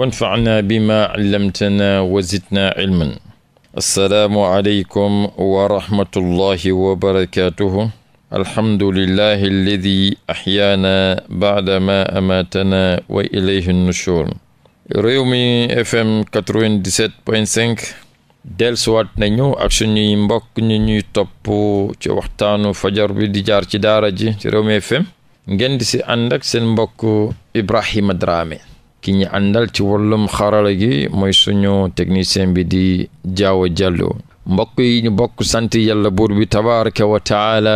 wanfacnaa bimaa callamtanaa wa zidnaa cilman assalaamu aleykum wa rahmatullahi wa barakaatuhu alhamdulillahi alladi axyaanaa bacda maa amaatanaa wa ilayhi nushuur Rewmi FM 97.5 delsuwaat nañu ak suñuy mbokk ñu ñuy topp ci waxtaanu fajar bi di jaar ci daara ji ci Rewmi FM ngeen di si ànd ak seen mbokk Ibrahima Dramé ki ñu àndal ci wàllum xarala gi mooy suñu technicien bi di jaawa jallo mbokk yi ñu bokk sant yàlla buur bi tabaraka wa taala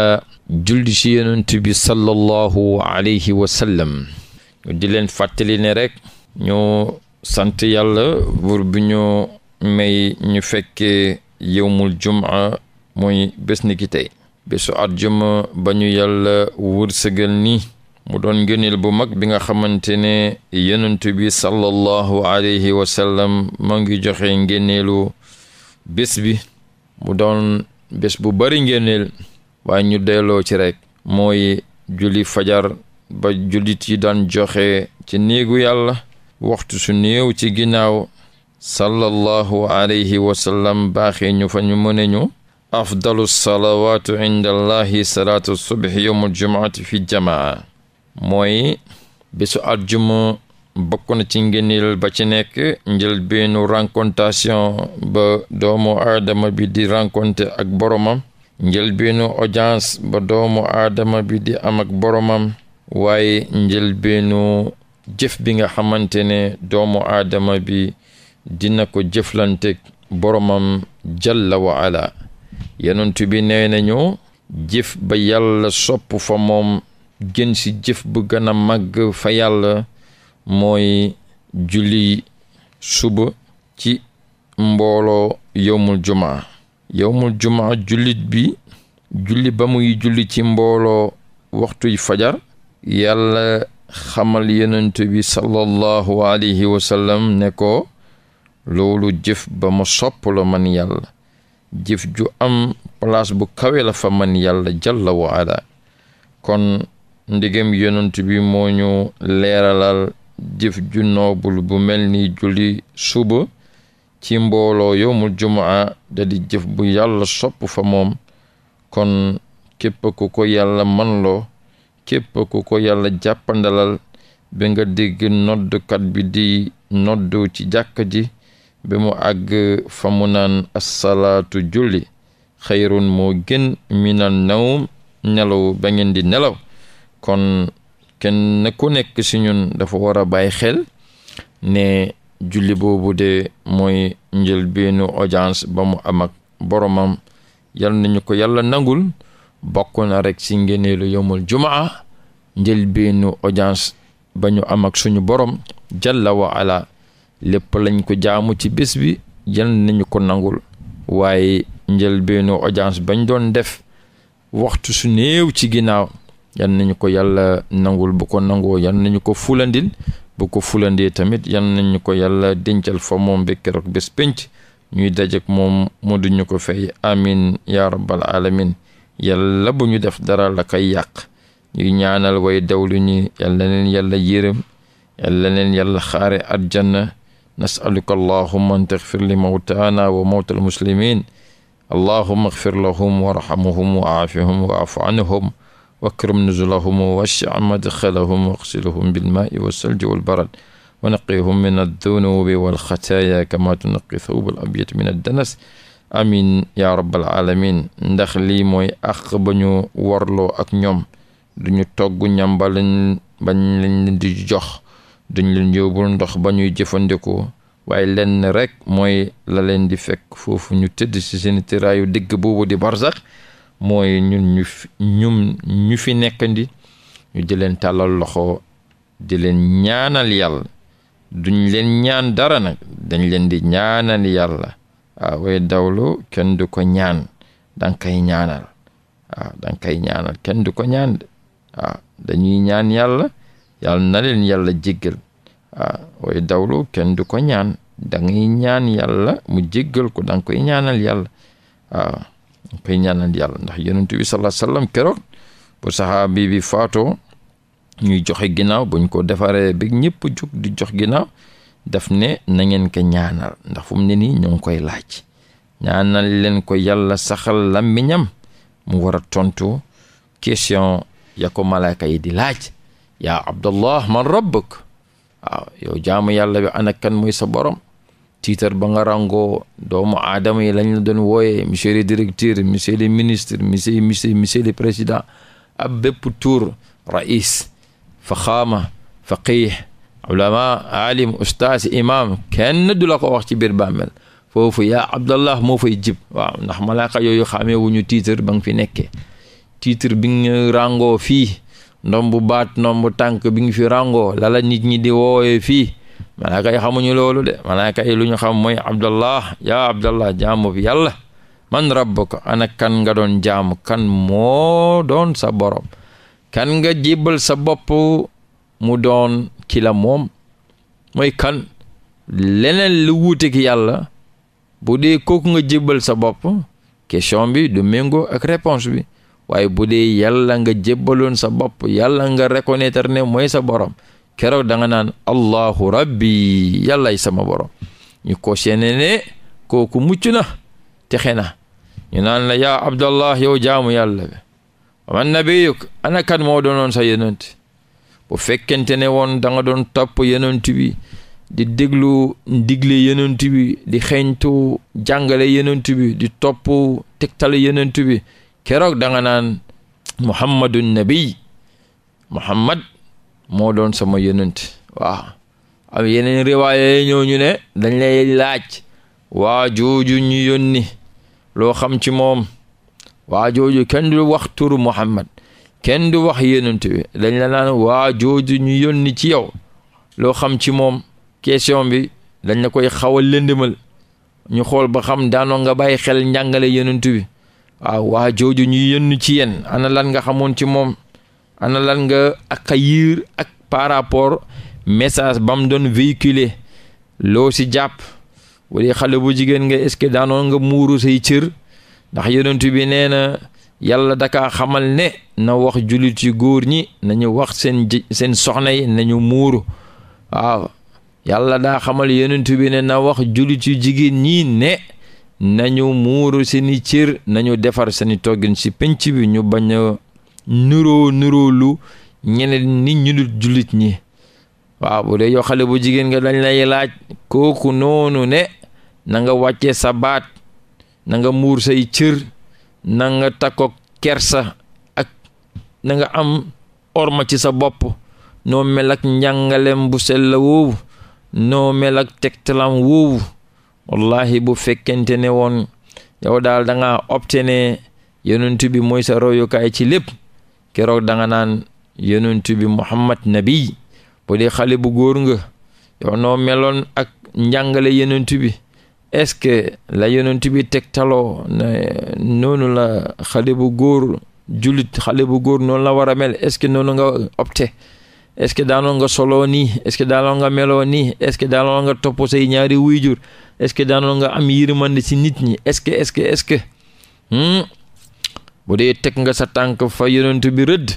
julli ci yonent bi sallallahu alayhi wa sallam ñu di leen fàttali ne rek ñu sant yàlla buur bi ñu may ñu fekkee yowmul jumaa muy bés ni ki tey bésu arjuma ba ñu yàlla wërsëgal ni mu doon ngëneel bu mag bi nga xamante ne yonent bi sallallahu alayhi wa sallam moo ngi joxe ngëneelu bés bi mu doon bés bu bari ngëneel waaye ñu delloo ci rekk mooy juli fajar ba jullit yi daan joxe ci néegu yàlla waxtu su néew ci ginnaaw sallallahu alayhi wa sallam baaxee ñu fa ñu mëne ñu afdalu salawaatu inda allahi salaatu subh yowmu aljumaati fi jamaa mooy bésu àjjuma bokk na ci ngëneel ba ci nekk njëlbeenu rencontation ba doomu adama bi di rencontre ak boromam njëlbeenu audience ba doomu aadama bi di amak ak boromam waaye njëlbeenu jëf bi nga xamante ne doomu aadama bi dina ko jëflanteeg boromam jalla wa ala yonent bi nee nañu ba yàlla sopp fa moom gën ci jëf bu gën a màgg fa yàlla mooy julli suba ci mbooloo yowmul jumaa yowmul jumaa jullit bi julli ba muy julli ci mbooloo waxtuy fajar yàlla xamal yenent bi sallallahu alayhi wa ne ko loolu jëf ba ma sopp man yàlla jëf ju am place bu kawe la fa man yàlla jalla wa ala ndigam yonent bi moo ñu leeralal jëf ju noobul bu mel ni julli suba ci mbooloo yowmul jumaa da jëf bu yàlla sopp fa moom kon képp ku ko yàlla manloo képp ku ko yàlla jàppandalal bi nga dégg noddkat bi di nodd ci jàkka ji bi mu àgg fa mu naan assalaatu julli xayrun moo gën minal nawm nelaw ba ngeen di nelaw kon kenn ku nekk ci dafa war a bàyyi xel ne julli boobu de mooy njël njëlbeenu audience ba mu am ak boromam yal nañu ko yàlla nangul bokk na rek ci ngéneelu yowmul jumaa njël njëlbeenu audience ba ñu am ak suñu borom jalla wa ala lépp lañ ko jaamu ci bés bi yal nañu ko nangul waaye njël njëlbeenu audience bañ doon def waxtu su néew ci ginnaaw yan nañu ko yàlla nangul bu ko nangoo yan nañu ko fulandil bu ko fulandee tamit yan nañu ko yàlla dencal fa moom bi keroog bés pénc ñuy dajek moom mu duñu ko fay amin ya rabbal alamin yàlla bu ñu def dara la koy yàq ñuy ñaanal way dawlu ñi yàlla leen yàlla yërëm yàlla leen yàlla xaare aljanna nasaluka allahuma an taxfir mawtaana wa mawta almuslimin allahuma axfir lahum warhamhum wakrim nuzulahum wacha madxalahum waxsilhum bilmaai walsalji walbarad wa naqihum min addunubi walxataaya kama tunaqi thawb alabyad min addanas amin ya rabbal alamin ndax lii mooy àq ba warloo ak ñoom duñu togg ñam ba lañ bañ di jox duñ leen yóbbul ndox ba ñuy jëfandikoo waaye lenn rek mooy la leen di fekk foofu ñu tëdd ci seen tiraayu digg boobu di barsax mooy ñun ñu ñum ñu fi nekkandi ñu di leen loxo di leen ñaanal yàlla duñ leen ñaan dara nag dañ leen di ñaanal yàlla ah, waaye dawlu kenn du ko ñaan danga koy ñaanal waaw ah, danga koy ñaanal kenn du ko ñaan de waaw ah, dañuy ñaan yàlla yàlla na leen yàlla jéggal waaw dawlu kenn du ko ñaan dangay ñaan yàlla mu jéggal ko danga koy ñaanal yàlla koy ñaanal yàlla ndax yonent bi sallallahu alayhi wasallam keroog bu saxaabi bi faatoo ñuy joxe ginnaaw buñ ko defaree bi ñëpp jóg di jox ginnaaw daf ne na ngeen ko ñaanal ndax fu ne nii ñoo ngi koy laaj ñaanal leen ko yàlla saxal làmmiñam mu war a tontu question ya ko malaaka yi di laaj yaa abdallah man rabbuk waaw yow jaamu yàlla bi ana kan mooy sa borom tiitar ba nga rangoo doomu aadama yi lañu la doon wooyee monsieur le directeur monsieur le ministre monsieur monsieur monsieur le président ab bépp tuur rais faxaama faqih ulama alim ustaas imam kenn du la ko wax ci biir bàmmel foofu yaa abdallah moo fay jib waaw ndax malaaka yooyu xamee wu ñu tiitar ba nga fi nekkee tiitar bi nga rangoo fii ndombu baat ndombu tànk bi nga fi rangoo lala nit ñi di wooyee malaaka yi xamuñu loolu de malaaka yi lu ñu xam mooy abdallah yaa abdallah jaamu bi yàlla man ko ana kan nga doon jaamu kan moo doon sa borom kan nga jibbal sa bopp mu doon kila moom mooy kan leneen lu wuute yàlla bu dee kooku nga jébbal sa bopp question bi du méngoo ak réponse bi waaye bu dee yàlla nga jébbaloon sa bopp yàlla nga reconnaître ne mooy sa borom keroog da nga naan allahu rabbi yàllay sama boro ñu ko seene ne kooku mucc na texe na ñu naan la yaa abdallah yow jaamu yàlla bi waman nabiyuk ana kan moo doonoon sa yonent bu fekkente ne woon danga doon topp yonent bi di déglu ndigle yonent bi di xeeñtu jàngale yonent bi di topp tegtale yonent bi keroog danga naan muhammadun nabiy muhammad moo doon sama yonent waaw am yeneen riwaaya ñëw ne dañ lay laaj waajooju ñu yónni loo xam ci moom waa jooju kenn du wax turu Muhammad kenn du wax yonent bi dañ la naan waa jooju ñu yónni ci yow loo xam ci moom question bi dañ la koy xaw a lëndëmal ñu xool ba xam daanoo nga bàyyi xel njàngale yonent wi waaw waa jooju ñu yónni ci yéen ana lan nga xamoon ci moom ana lan nga accueillir ak par message ba mu doon véhiculer loo ci jàpp wala xale bu jigéen nga est-ce que daanoon nga muuru say cër ndax yonent bi nee na yàlla daka xamal ne na wax jullit yu góor ñi nañu wax seen seen soxna yi nañu muuru waaw yàlla daa xamal yonent bi ne na wax jullit yu jigéen ñi ne nañu muuru seeni cër nañu defar seeni toggin ci penc bi ñu bañ nuroo nuroolu ñeneen nit ñu dul ñi waaw bu dee yow xale bu jigéen nga dañ lay laaj kooku noonu ne nanga nga wàccee sa baat na muur say cër na nga takko kersa ak nanga am orma ci sa bopp noo mel ak bu sell woowu noo mel ak woowu wallahi bu fekkente ne woon yow daal da nga obtenir yonent bi mooy sa royukaay ci lépp keroog da nga naan yonent bi muhammad nabi bu dee xale bu góor nga yow noo meloon ak njàngale yonent bi est-ce que la yonent bi tegtaloo ne noonu la xale bu góor jullit xale bu góor noonu la war a mel est-ce que noonu nga opté est-ce que daanoo nga soloo nii est-ce que nga meloo ni est-ce que daanoo nga toppo say ñaari wuyjur est-ce que daanoo nga am yërmande si nit ñi est-ce que est-ce que que hmm? bu dee teg nga sa tànk fa yonent bi rëdd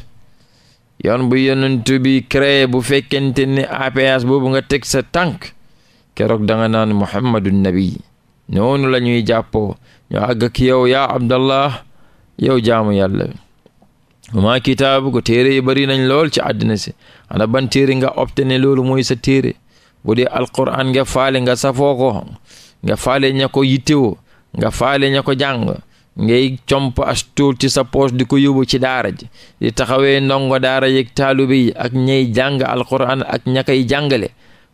yoon bu yonent bi créé bu fekkente ne APS boobu nga teg sa tànk keroog danga nga naan muhammadu nabi noonu la ñuy jàppoo ñu àgg ki yow yaa abdallah yow jaamu yàlla maa kitaabu ko téere yi bari nañ lool ci àddina si ana ban téere nga opte loolu mooy sa téere bu dee alquran nga faale nga safoo nga faale ña ko yittewoo nga faale ña ko jàng ngay comp as tuut ci sa poche di ko yóbbu ci daara ji di taxawee ndongo daara yeeg taalibe yi ak ñay jàng alquran ak ña koy jàngale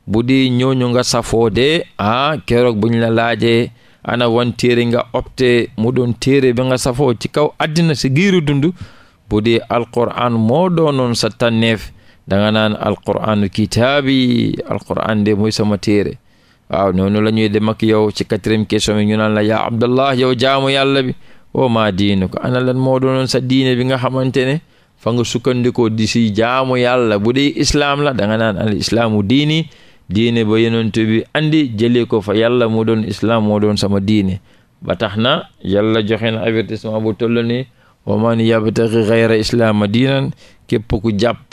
bu di ñooñu nga safoo de ah keroog bu ñu la laajee ana wan nga opte mu doon téere bi nga safoo ci kaw àddina si giiru dund bu dee alquran moo doonoon sa tànneef da nga naan alquranu kitaabi alquran de mooy sama téere waaw noonu la ñuy dem ak yow ci quatrième question bi ñu naan la yaa abdallah yow jaamu yàlla bi o maa diinu ko ana lan moo doonoon sa diine bi nga xamante ne fa nga sukkandikoo di si jaamu yàlla bu dee islaam la da nga naan al islaamu diini diine ba yonent bi andi jëlee ko fa yàlla mu doon islaam moo doon sama diine ba tax na yàlla joxe na avertissement bu toll ni wa man yabtaghi ghayra islaama diinan képp ku jàpp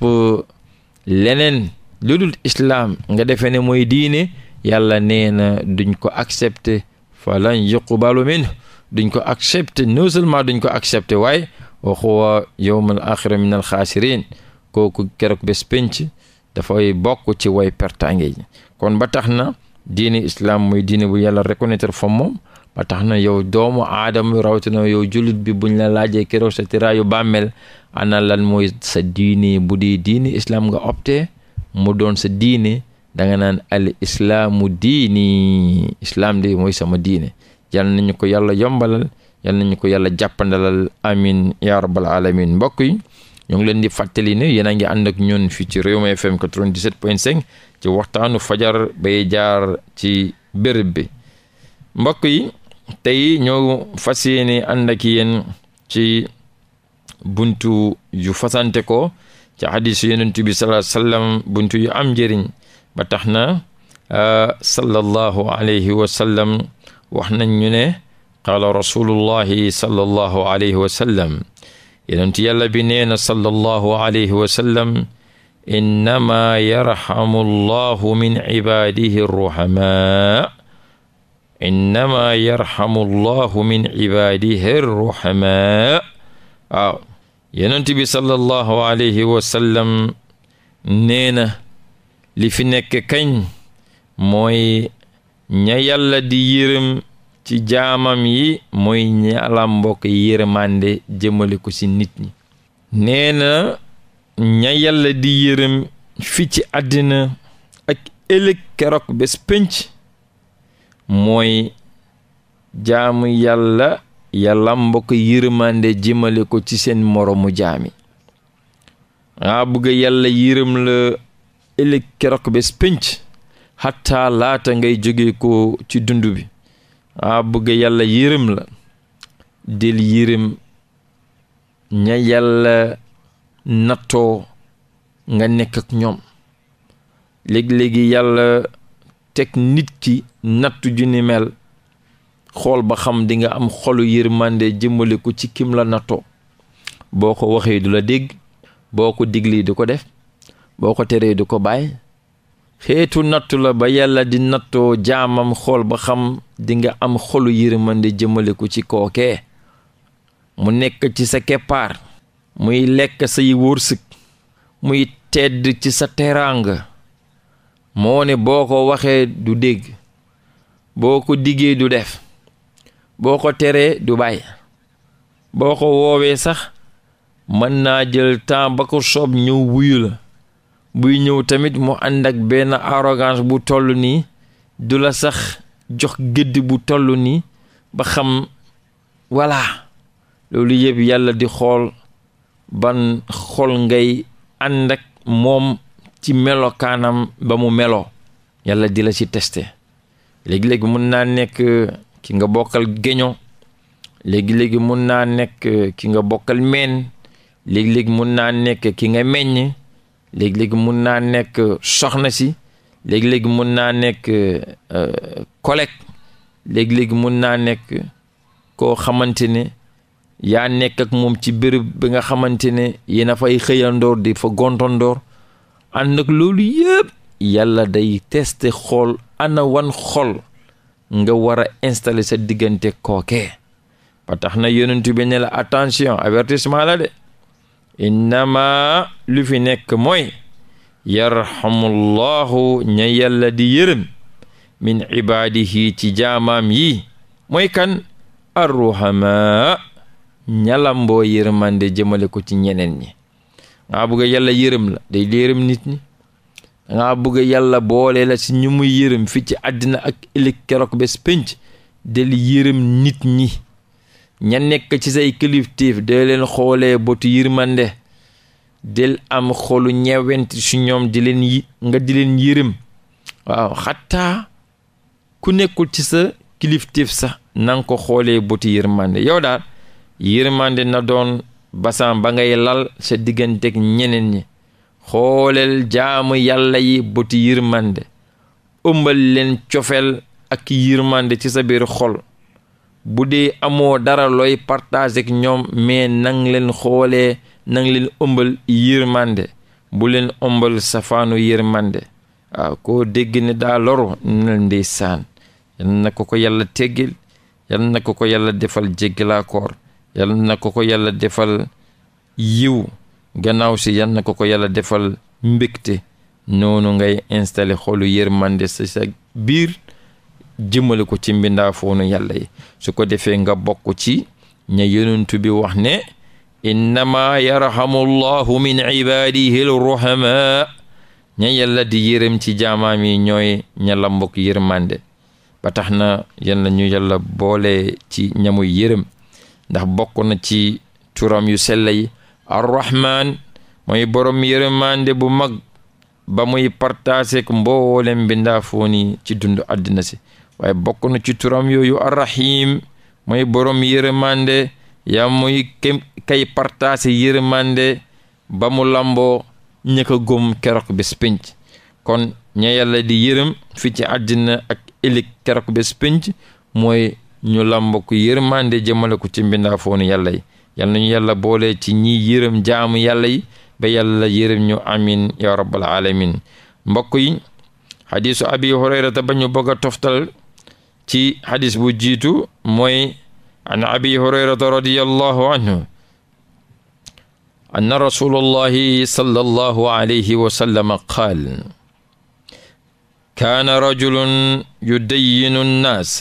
leneen lu dul islaam nga defe ne mooy diine yàlla nee na duñ ko accepter falan yuqbalu min duñ ko accepter non seulement duñ ko accepter waaye wa huwa yawmal axira min al xaasirin kooku keroog bés penc dafay bokk ci way pertange yi kon ba tax na diine islam muy diine bu yàlla reconnaître fa moom ba tax na yow doomu aadama rawatina yow jullit bi buñ la laajee keroog sa tiraayu bàmmeel ana lan mooy sa diine bu di diine islam nga opté mu doon sa diini da nga naan al islaamu diini islaam de mooy sama diine yal nañu ko yàlla yombalal yal nañu ko yàlla jàppandalal amin ya rabbal alamin mbokk yi ñu ngi leen di fàttali ne yéen a ngi ànd ak ñun fii ci Rewmi FM 97.5 ci waxtaanu fajar bay jaar ci béréb bi mbokk yi tey ñoo fas yéene ànd yéen ci buntu yu fasante ko ci hadis yonent bi sallallahu alayhi wasallam yu am njëriñ ba tax na euh, sallallahu alayhi wa sallam wax nañ ñu ne qaala rasulullahi sallallahu alayhi wa sallam yonent yàlla bi nee na sallallahu alayhi wa sallam innama yarhamu allahu min cibaadihi arruhamaa innama yarhamu allahu min cibaadihi arruhamaa waaw yonent bi sallallahu alayhi wa sallam nee na li fi nekk kañ mooy ña yàlla di yërëm ci jaamam yi mooy ñala mbokk yërëmande jëmale ko ci nit ñi nee ña yàlla di yërëm fi ci addina ak ëllëg keroog bés pénc mooy jaamu yàlla yàlla mbokk yërëmande jëmale ko ci seen moroomu jaami nga bëgg yàlla ëllëg keroog bés pénc xattaa laata ngay jóge ko ci dund bi a bëgg yàlla yërëm la del yërëm ña yàlla nattoo nga nekk ak ñoom léegi-léegi yàlla teg nit ki nattu ju ni mel xool ba xam dinga am xolu yërmande jëmmale ko ci kim la nattoo boo ko waxee du la dégg boo ko digli du ko def boo ko teree du ko bàyyi xeetu nattu la ba yàlla di nattoo jaamam xool ba xam dinga am xolu yére yërmande jëmale ko ci kooke mu nekk ci sa keppaar muy lekk say wërsëg muy tedd ci sa teraanga moo ne boo ko waxee du dégg boo ko diggee du def boo ko teree du bàyyi boo ko woowee sax mën naa jël temps ba ko soob ñëw wuyu la buy ñëw tamit mu ànd ak benn arrogance bu toll nii du la sax jox gédd bu toll nii ba xam voilà loolu yëpp yàlla di xool ba xool ngay ànd ak moom ci melokaanam ba mu melo yàlla di la ci teste léegi-léegi mun naa nekk euh, ki nga bokkal géño léegi-léegi mun naa nekk euh, ki nga bokkal meen léegi-léegi mun naa nekk ki nga meññ léegi-léegi mun naa nekk soxna si léegi-léegi mun naa nekk euh, collègue léegi-léegi mun naa nekk koo xamante ne yaa nekk ak moom ci béréb bi nga xamante ne yéen a fay xëyandoor di fa gontandoor ànd ak loolu yëpp yàlla day teste xool ana wan xol nga war a installer sa diggante kookee ba tax na yonent bi ne la attention avertissement la de innama lu fi nekk mooy yarhamullahu ña yàlla di yërëm min ibaadihi ci jaamam yi mooy kan arruhama ñalamboo yërëmande jëmale ko ci ñeneen ñi dangaa bëgg yàlla yërëm la day yërëm nit ñi dangaa bëgg yàlla boole la ci ñu yërëm fii ci àddina ak ëllëg keroog bés pénc del yërëm nit ñi ña nekk ci say kilifteef dee leen xoolee botu yërmande del am xolu ñewent su ñoom di yi nga di leen yërëm waaw xataa ku nekkul ci sa kilifteef sa na ko xoolee botu yërmande yow daal yërmande na doon basan ba ngay lal sa digganteeg ñeneen yi xooleel jaamu yàlla yi botu yërmande ëmbal leen cofeel ak yërmande ci sa biir xol bu dee amoo dara looy partage ñoom mais nang leen xoolee nang leen ëmbal yërmande bu leen ëmbal safaanu yërmande waaw koo dégg ne daa loru nel yal na ko ko yàlla teggil yal na ko ko yàlla defal jéggalaa koor yal na ko ko yàlla defal yiw gannaaw si yal na ko ko yàlla defal mbégte noonu ngay installe xolu yërmande si sa jëmale ko ci mbindaafoonu yàlla yi su ko defee nga bokk ci ña yonentu bi wax ne innama yarhamu llahu min ibadihi lruhama ña yàlla di yërëm ci jaamaam yi ñooy ña lambok yërmande ba tax na yàlla ñu yàlla boole ci ñamuy yërëm ndax bokk na ci turam yu sell yi arrahman mooy borom yërëmande bu mag ba muy partaase ak mboolem mbindaafooni ci dundu àddina si waaye bokk na ci turam yooyu arrahim mooy borom yërëmande yaa muy kay partaase yërëmande ba mu lamboo ñëkk a góom keroog kon ña yàlla di yërëm fi ci àddina ak ëllëg keroog bés mooy ñu lamboo ko yërëmande jëmale ko ci mbindaafoonu yàlla yi yal nañu yàlla boole ci ñiy yërëm jaamu yàlla yi ba yàlla yërëm ñu amin ya rabbal alamin mbokk yi xadiisu hurayrata ba ñu toftal ci xadis bu jiitu mooy an abi hurayrata radiyallahu anhu anna rasulullahi sallallahu alayhi wa sallam qaal kaana rajulun yudayyinu nnaas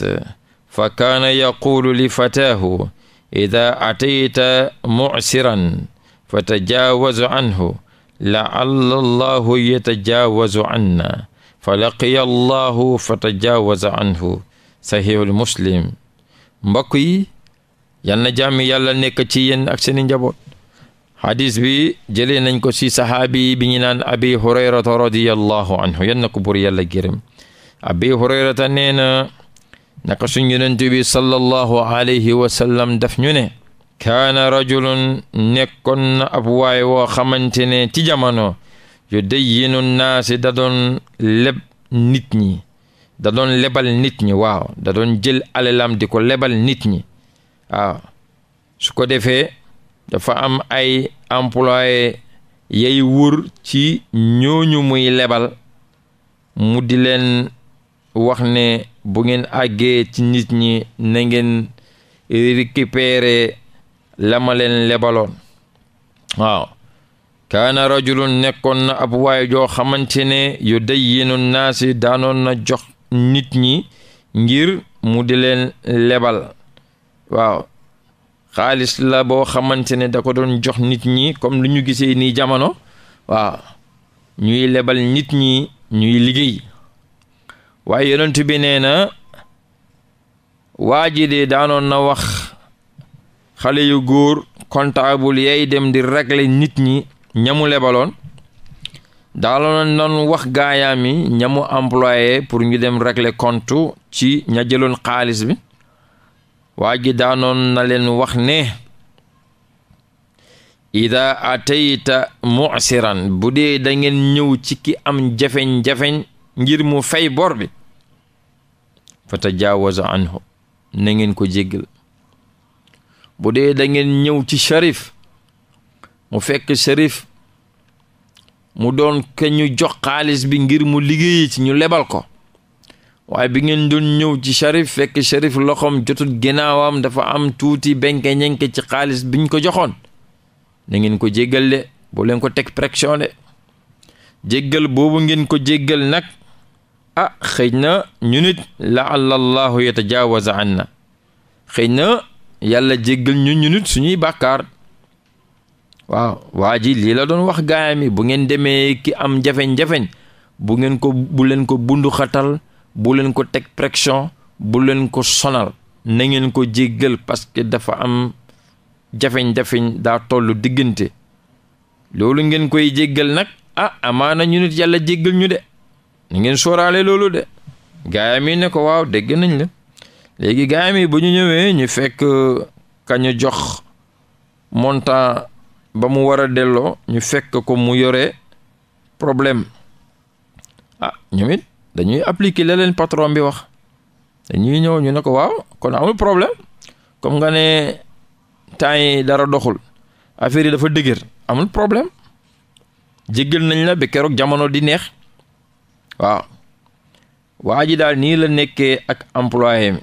fa kaana yaquulu li fataahu ida atayta mucsiran fatajaawazu canhu lacalla allahu yatajaawazu canna falaqiya allahu fatajaawaza canhu sahihul muslim mbokk yi yal na jàmm yàlla nekk ci yéen ak seeni njaboot hadis bi jëlee nañ ko si saxaabi bi ñu naan abi hurayrata radiyallahu anhu yan na ko buur yàlla gërëm abi hurayrata nee na naka suñ yonent bi sallallahu alayhi wa sallam daf ñu ne kaana rajulun nekkoon na ab waay woo xamante ne ci jamono yu dayyinu naasi da leb nit ñi da doon lebal nit ñi waaw da doon jël alalam di ko lebal nit ñi waaw su ko defee dafa am ay employé yay wur ci ñooñu muy lebal mu di leen wax ne bu ngeen àggee ci nit ñi na ngeen récupérer la ma leen lebaloon waaw kaana rajulun nekkoon na ab waay joo xamante ne yu dayyinu naasi daanoon na jox nit ñi ngir mu di leen lebal waaw xaalis la boo xamante ne da ko doon jox nit ñi comme lu ñu gisee nii jamono waaw ñuy lebal nit ñi ñuy liggéey waaye yonent bi nee na waa ji de daanoon na wax xale yu góor comptable yay dem di ragle nit ñi ñamu lebaloon daala doon wax gaayaam yi ña mu pour ñu dem régler compte ci ña jëloon xaalis bi waa ji daanoon na leen wax ne ida atayta mu'siran bu dee dangeen ñëw ci ki am jafeñ-jafeñ ngir mu fay bor bi fa tajaawaza anhu na ko jéggal bu dee dangeen ñëw ci sharif mu fekk sharif mu doon ke ñu jox xaalis bi ngir mu liggéey ci ñu lebal ko waaye bi ngeen doon ñëw ci Sharif fekk Sharif loxoom jotul ginnaawam dafa am tuuti benke ñenke ci xaalis biñ ko joxoon na ngeen ko jéggal de boo ko teg pression de jéggal boobu ngeen ko jéggal nag ah xëy na ñu nit laallallahu yatajaawaza an na xëy na yàlla jéggal ñu ñu nit suñuy bàkkaar waaw waa ji lii la doon wax gaayam bu ngeen demee ki am jafeñ-jafeñ bu ngeen ko bu leen ko bunduxatal bu leen ko teg pression bu leen ko sonal na ngeen ko jéggal parce que dafa am jafeñ-jafeñ daa toll diggante loolu ngeen koy jéggal nag ah amaana ñu nit yàlla jéggal ñu de na ngeen sóoraale loolu de gaayam ne ko waaw dégg nañ la léegi gaayam bu ñu ñëwee ñu fekk ka ñu jox montant ba mu war a delloo ñu fekk ko mu yore problème a ah, ñoom it dañuy appliquer la leen patron bi wax dañuy ñëw ñu ne ko waaw kon amul problème comme nga ne temps yi dara doxul affaire yi dafa dëgër amul problème jéggal nañ la bi keroog jamono di neex waaw waa ji daal nii la nekkee ak employé mi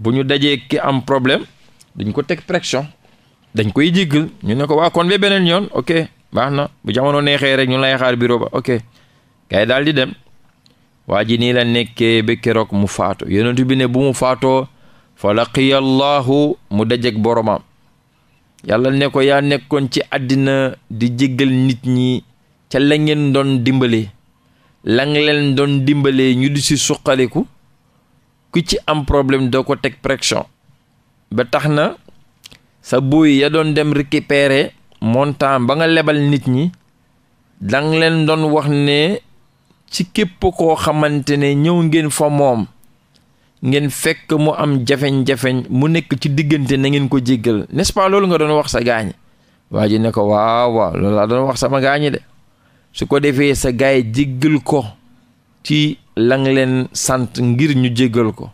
bu ñu dajee ki am problème dañ ko teg pression dañ koy jéggal ñu ne ko waa kon ba beneen yoon ok baax na bu jamono neexee rek ñu lay xaar bureau ba ok kay daal di dem waa ji nii la nekkee ba keroog mu faato yonentu bi ne bu mu faatoo fa laqiya llaahu mu dajeg boromam yàlla ne ko yaa nekkoon ci àddina di jéggal nit ñi ca la ngeen doon dimbale la doon dimbalee ñu di si suqaliku ku ci am problème doo ko teg pression ba tax na sa buy ya doon dem récupérer montant ba nga lebal nit ñi dang leen doon wax ne ci képp koo xamante ne ñëw ngeen fa moom ngeen fekk mu am jafeñ-jafeñ mu nekk ci diggante na ngeen ko jéggal nest loolu nga doon wax sa gaañ waa ji ne ko waaw waaw loolu laa doon wax sama gaañi de su ko defee sa gaay jéggal ko ci lang leen sant ngir ñu jéggal ko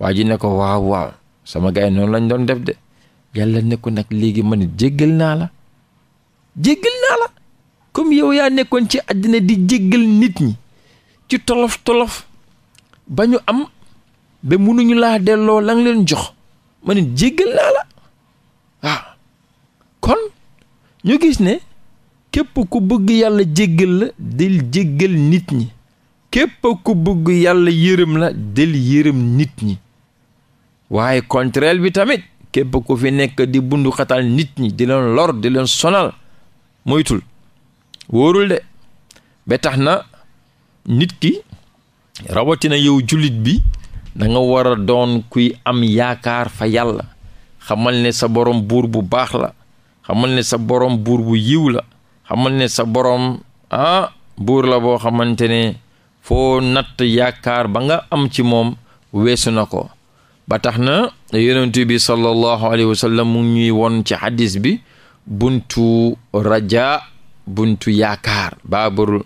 waa ji ne ko waaw waaw sama gaay noonu lañ doon def de yàlla ne nag léegi man jéggal naa la jéggal naa la comme yow yaa nekkoon ci àddina di jéggal nit ñi ci tolof tolof ba ñu am ba mënuñu laa delloo la leen jox ma ne jéggal naa la waaw kon ñu gis ne képp ku bëgg yàlla jéggal la del jéggal nit ñi képp ku bëgg yàlla yërëm la dël yërëm nit ñi waaye contraire bi tamit képp ku fi nekk di bundu nit ñi di leen lor di leen sonal moytul wóorul de ba tax na nit ki rawatina yow jullit bi danga nga war a doon kuy am yaakaar fa yàlla xamal ne sa borom buur bu baax la xamal ne sa borom buur bu yiw la xamal ne sa borom ah buur la boo xamante ne foo natt yaakaar ba nga am ci moom weesu na ko ba tax na yonent bi sallallahu alayhi wa sallam mu ñuy won ci hadis bi buntu raja buntu yaakaar baabul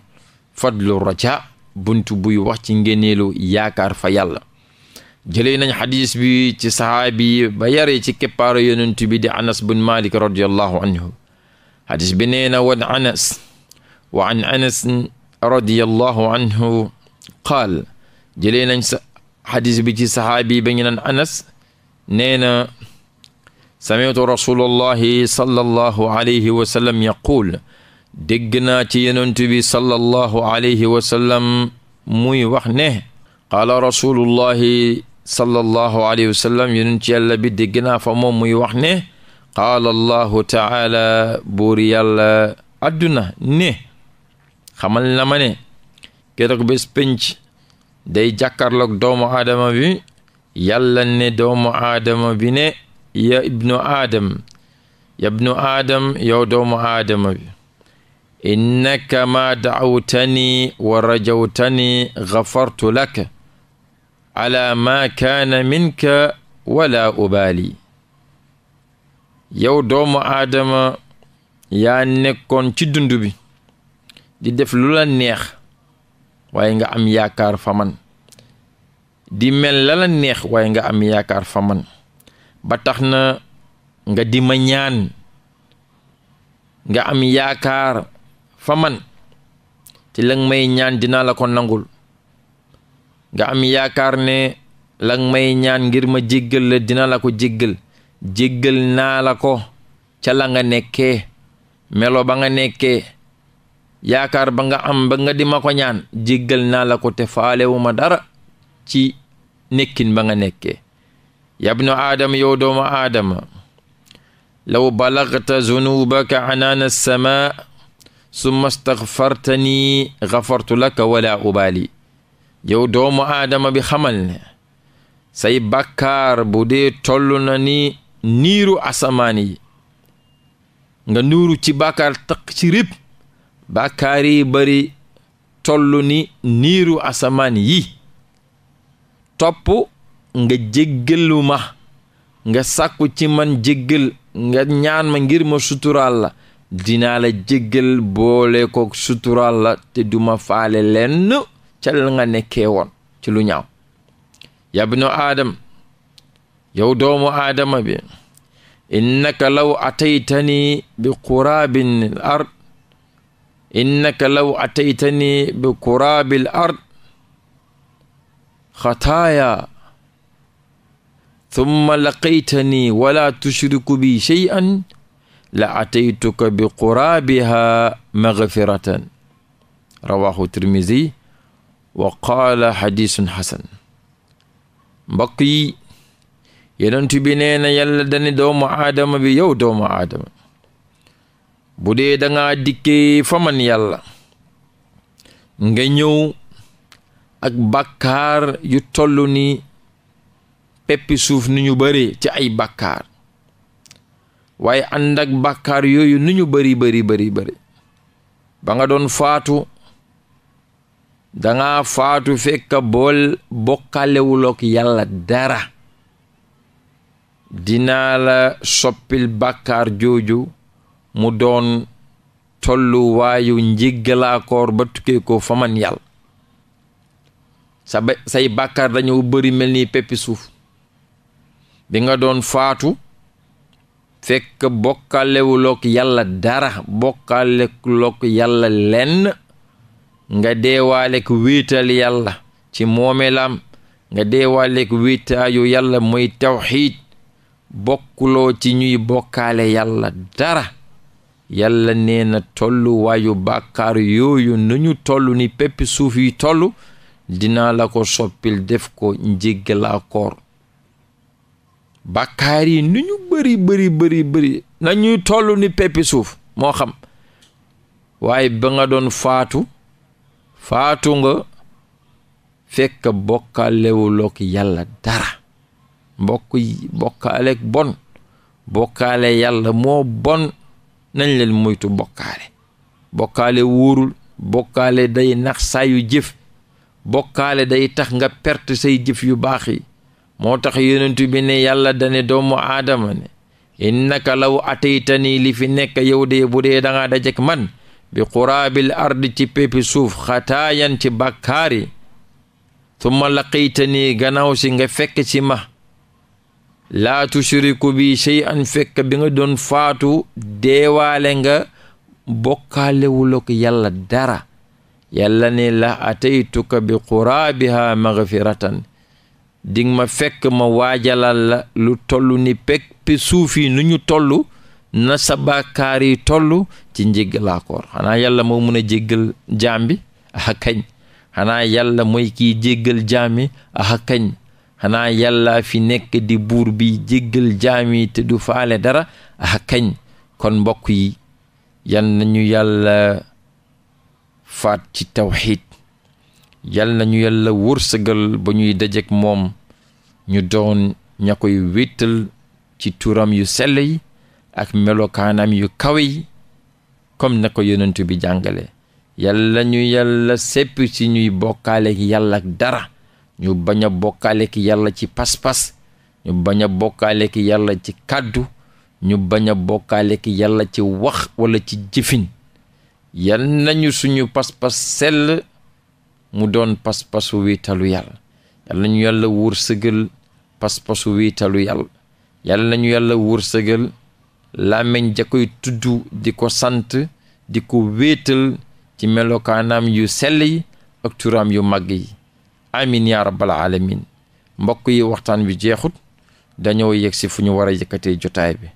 fadlu raja buntu buy wax ci ngeneelu yaakaar fa yàlla jëlee nañ xadis bi ci sahaabi ba yaree ci keppaaru yonent bi di anas bin malik radiallahu anhu xadis bi anas wa an qaal jëlee nañ sa xadis bi ci saxaabi ba ñu naan anas nee na samitu rasulullahi sallallahu alayhi wa sallam yaquul dégg naa ci yonent bi sallallahu alayhi wa sallam muy wax ne qaala rasulullahi sallallahu alayhi wa sallam yonent yàlla bi dégg fa muy wax ne qaala allahu taala buur yàlla adduna ne xamal na ma ne keroog bés penc day jàkkaarloog doomu aadama wi yàlla ne doomu aadama bi ne ya ibnu aadam ya ibnu aadam yow doomu aadama bi innaka ma dacawtani wara rajawtani gafartu laka ala ma kaana minka wala ubaali yow doomu aadama yaa nekkoon ci dund bi di def lu la neex waaye nga am yaakaar fa man di mel la la neex waaye nga am yaakaar fa man ba tax na nga di ma ñaan nga am yaakaar fa man te la may ñaan dina la ko nangul nga am yaakaar ne la may ñaan ngir ma jéggal la dinaa la ko jéggal jéggal naa la ko ca la nga nekkee melo ba nga nekke yaakaar ba nga am ba nga di ma ko ñaan jéggal naa la ko te faalewu ma dara ci nekkin ba nga nekke yabnu aadama yow doomu aadama law balagta zunubaka anaana sama summa staghfartani ghafartu laka wala ubali yow doomu aadama bi xamal ne say bàkkaar bu dee toll na ni niiru asamaan yi nga nuuru ci bàkkaar taq ci rib bàkkaar yi bari toll ni niiru asamaan yi topp nga jéggalu ma nga sàkku ci man jéggal nga ñaan ma ngir ma suturalla la dinaa la jéggal boole ko suturalla te duma faale leen ca la nga nekkee woon ci lu ñaaw yabnu aadam yow doomu aadama bi innaka law ataytani bi quraabin al innaka law ataytani bi kuraabil ard xataaya summa laqaytani wala tushriku bi shay'an la ataytuka bi quraabiha magfiratan rawahu tirmisi wa qaala xadisun xasan mbokk yi yonent bi nee na yàlla dani doomu aadama bi yow doomu aadama bu dee danga dikkee fa man nga ñëw ak bakkaar yu toll ni peppi suuf nu ñu bare ci ay bàkkaar waaye ànd ak bàkkaar yooyu nu ñu bari bari bari bari nga doon faatu danga faatu fekk bool bokkaalewulook yàlla dara dinaa la soppil bàkkaar jooju mu doon tolluwaayu njéggalaakoor ba tukkee ko fa man yàlla sa say bàkkaar dañoo bëri mel ni peppi suuf bi nga doon faatu fekk bokkaalewulook yàlla dara bokkaalewulook yàlla lenn nga deewaaleek wiital yàlla ci moomelam nga deewaaleek wiitaayu yàlla mooy tawxiid bokkuloo ci ñuy bokkaale yàlla dara yàlla nee na tolluwaayu bàkkaar yooyu nañu toll ni peppi suuf yi toll dina la ko soppil def ko njéggalaa koor bàkkaar ñu bëri bëri bëri bëri nañuy toll ni peppi suuf moo xam waaye ba nga doon faatu faatu nga fekk bokkaalewuloog yàlla dara mbokk bon bokkaale yàlla moo bon nañ leen moytu bokkaale bokkaale wóorul bokkaale day nax saa yu jëf bokkaale day tax nga pert say jëf yu baax yi moo tax yonent bi ne yàlla dane doomu aadama ne innaka law ataytani li fi nekk yow dee bu dee danga dajek man bi xuraabil ardi ci péppi suuf xataayan ci bàkkaari summa laqaytani gannaaw si nga fekk ci ma laatu tushriku bi shay'an fekk bi nga doon faatu deewaale nga bokkaalewuloo ko yàlla dara yàlla ne la ataytuka bi quraabiha maghfiratan ding ma fekk ma waajalal la lu toll ni peppi suuf yi nu ñu toll na sa bàkkaar yi toll ci njéggalaakoor xanaa yàlla moo mun a jéggal jaam bi ah kañ xanaa yàlla mooy kiy jéggal jaam bi kañ xanaa yàlla fi nekk di buur bi jéggal jaami te du faale dara ah kañ kon mbokk yi yal nañu yàlla faat ci tawxiid yal nañu yàlla wërsëgal ba ñuy dajek moom ñu doon ña koy wéttal ci tuuram yu sell ak melokaanam yu kawe yi comme na ko yonent bi jàngale yàlla ñu yàlla sepp ci ñuy bokkaale yàlla ak dara ñu bañ a bokkaale ki yàlla ci pas-pas ñu bañ a bokkaale ki yàlla ci kàddu ñu bañ a bokkaale ki yàlla ci wax wala ci jëfin yal nañu suñu pas-pas sell mu doon pas-pasu wiitalu yàlla yal nañu yàlla wërsëgal pas-pasu wiitalu yàlla yal nañu yàlla wërsëgal làmmiñ ja koy tudd di ko sant di ko wéetal ci melokaanam yu sell yi ak turam yu màgg yi amin yaa rabbal alamin mbokk yi waxtaan bi jeexut dañoo yegg si fu ñu war a yëkkatee jotaay bi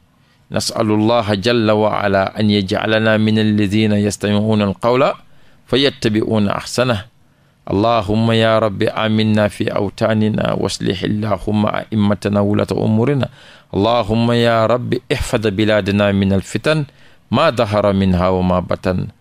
nasalullaha jalla wa ala an yajalana min alladina yastamiuuna alqawla fa yattabiuuna ahsana allahumma ya rabbi aminna fi awtaanina waslih illahumma aimmatana wulata umurina allahumma ya rabbi ihfad bilaadana min alfitan ma dahara minha wa ma batan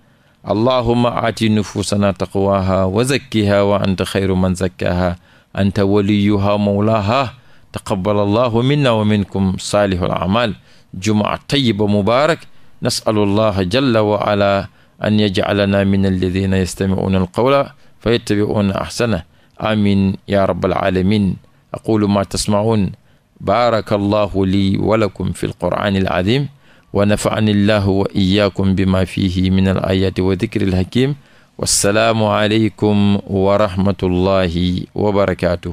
allahuma aati nufuusana taqwaha wa zakkiha wa anta xayru man zakkaha anta waliyuha mawlaha taqabal allahu minna wa minkum saalihu al amal jumaa tayiba mubaarak nasalu allaha jalla wa ala an yajcalana min alladina yastamicuuna alqawla fa yattabicuuna axsana amin ya rabbal alamin aqulu ma tasmacuun baaraka allahu lii wa lakum fi alqur'ani alazim wa nafaani llahu wa iyaakum bima fihi min al ayati wa dikri al hakim wassalaamu aleykum wa rahmatullahi wa barakaatuhu